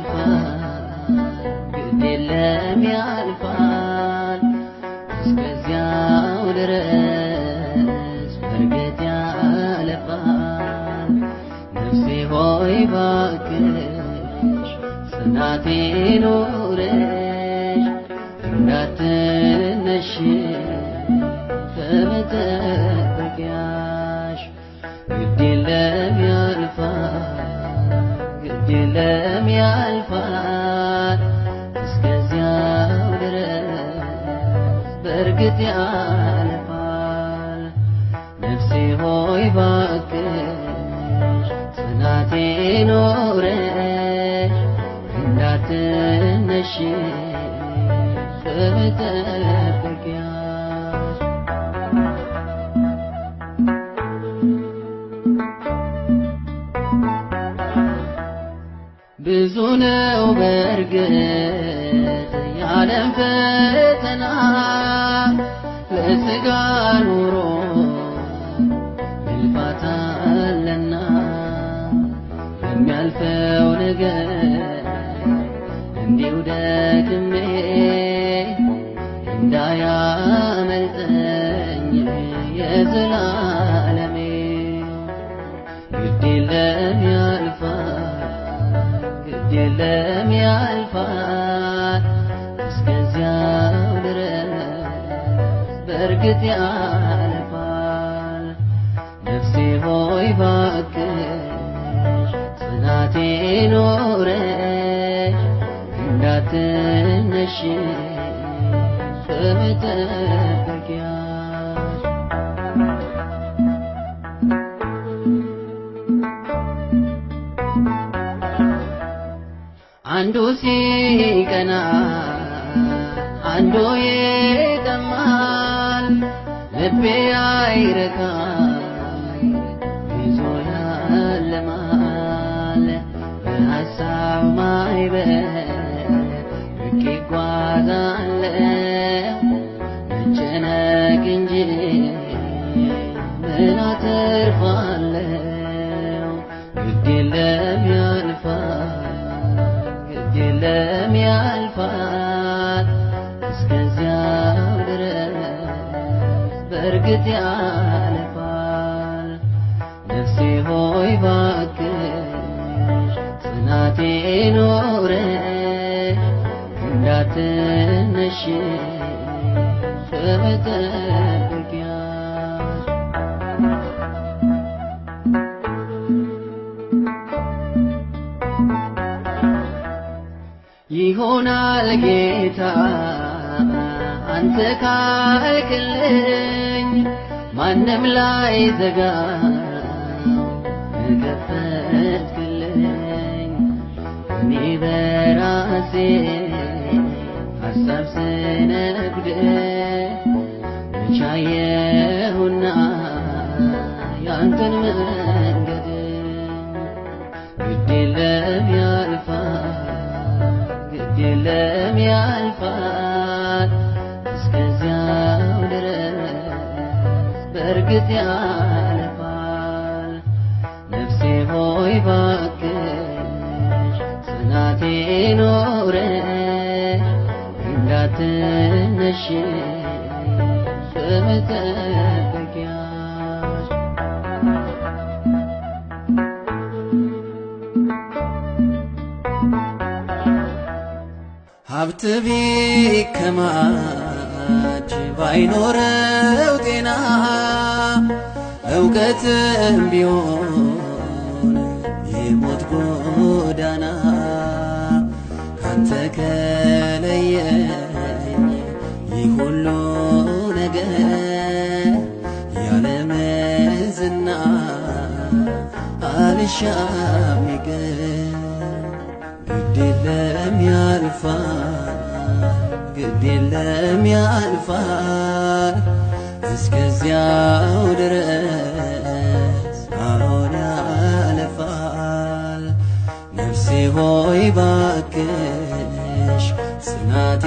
ያልፋል፣ ግድ የለም ያልፋል። እስከዚያው ድረስ ያለፋል። ነፍሴ ሆይ ባክሽ ጽናቴ ኖረሽ እንዳትነሽ በእርግጥ ያልፋል። ነፍሴ ሆይ ባክሽ ጽናቴ ኖረሽ እንዳትነሽ በመጠበቂያ ብዙ ነው በእርግጥ ያለም ፈተና በሥጋ ኑሮ ልፋት አለና የሚያልፈው ነገር እንዲሁ ደግሜ እንዳያመልጠኝ የዘላለሜ ግድ የለም ያልፋል፣ ግድ የለም ያልፋል እስከዚያ በእርግጥ ያልፋል። ነፍሴ ሆይ ባክሽ ጽናቴ ኖረሽ እንዳትነሽ በመጠበቂያሽ አንዱ ሲቀና አንዱ የ ልቤ አይረካ ይዞኛል ለማለ በሀሳብ ማይበር ርቄ እጓዛለሁ መጨነቅ እንጂ ምን አተርፋለሁ ግድ የለም ያ በእርግጥ ያልፋል። ነፍሴ ሆይ ባክሽ ጽናቴ ኖረ እንዳትነሽ መጠበቂያሽ ይሆናል ጌታ አንተ ካልክልኝ ማንም ላይ ዘጋ ከፈትክልኝ እኔ በራሴ ሀሳብ ስነጉድ ቻየሁና ያንተን መንገድ ግድ የለም ያልፋ ግድ የለም ያልፋ በእርግጥ ያልፋል። ነፍሴ ሆይ ባክሽ ጽናቴ ኖረ እንዳትነሽ መጠበቂያሽ ሀብት ቢከማች ባይኖረው ጤና በእውቀትም ቢሆን የሞት ጎዳና ካንተ ከለየኝ ይህ ሁሉ ነገር ያለምን ዝና አልሻም ይገር ግድ የለም ያልፋል፣ ግድ የለም ያልፋል እስከዚያው ድረስ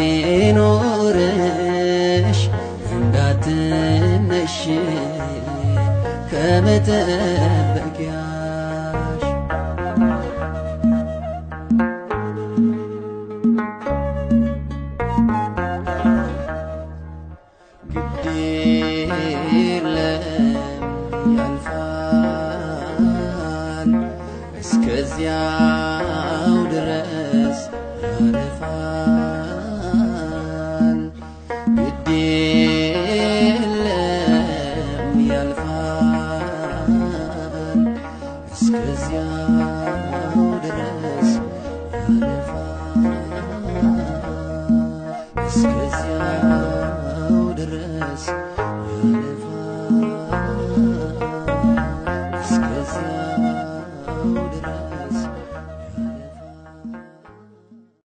ሲኖረሽ እንዳትነሽ ከመጠበቂያሽ ግድ የለም ያልፋል እስከዚያው ድረስ አለፋል እዚያው ድረስ ያለፋ እስከዚያው ድረስ ያለፋ